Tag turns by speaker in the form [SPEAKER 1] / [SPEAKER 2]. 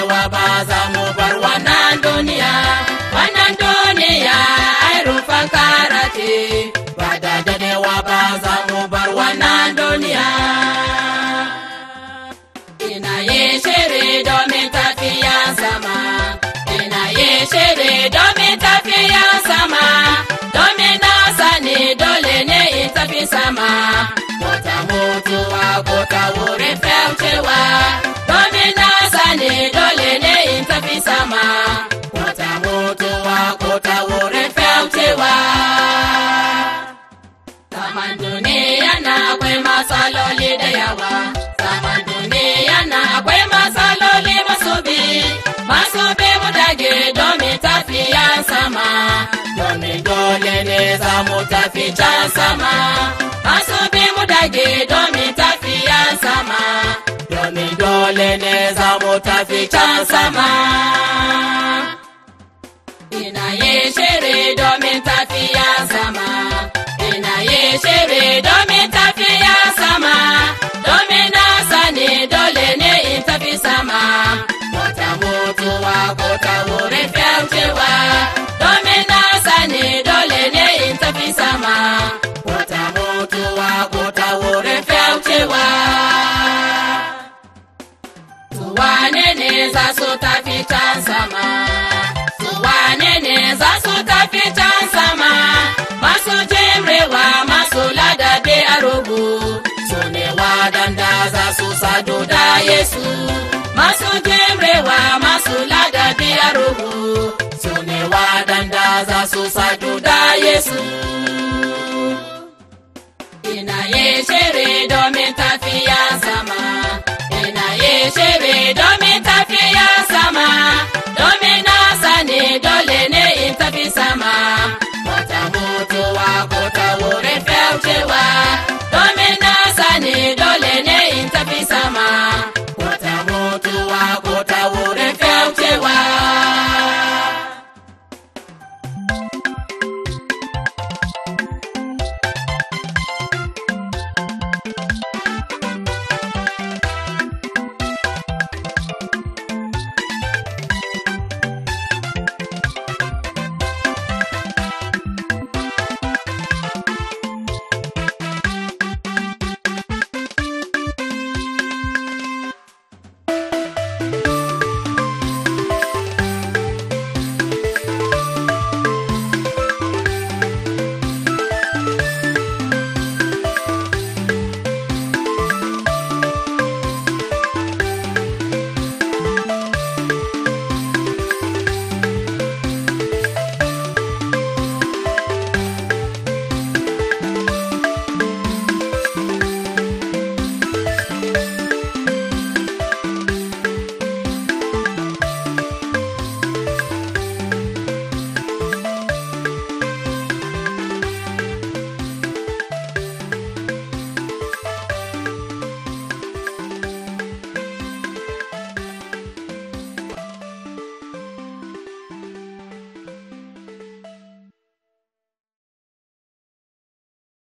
[SPEAKER 1] arewa ba za mu bar wannan duniya wannan duniya ai rufan karate ba da dadewa ba za mu bar wannan duniya ina yin shiri domin tafiya sama ina yin shiri domin tafiya sama domin na sani dole ne in tafi sama ne za mu tafi can sama masu bi mu dage domin tafiya sama domin dole ne za mu tafi can sama àdúrà Jésù masu jimrewa masu ladabi ruhu su ne waɗanda za su sadu Yesu. Ina yeshe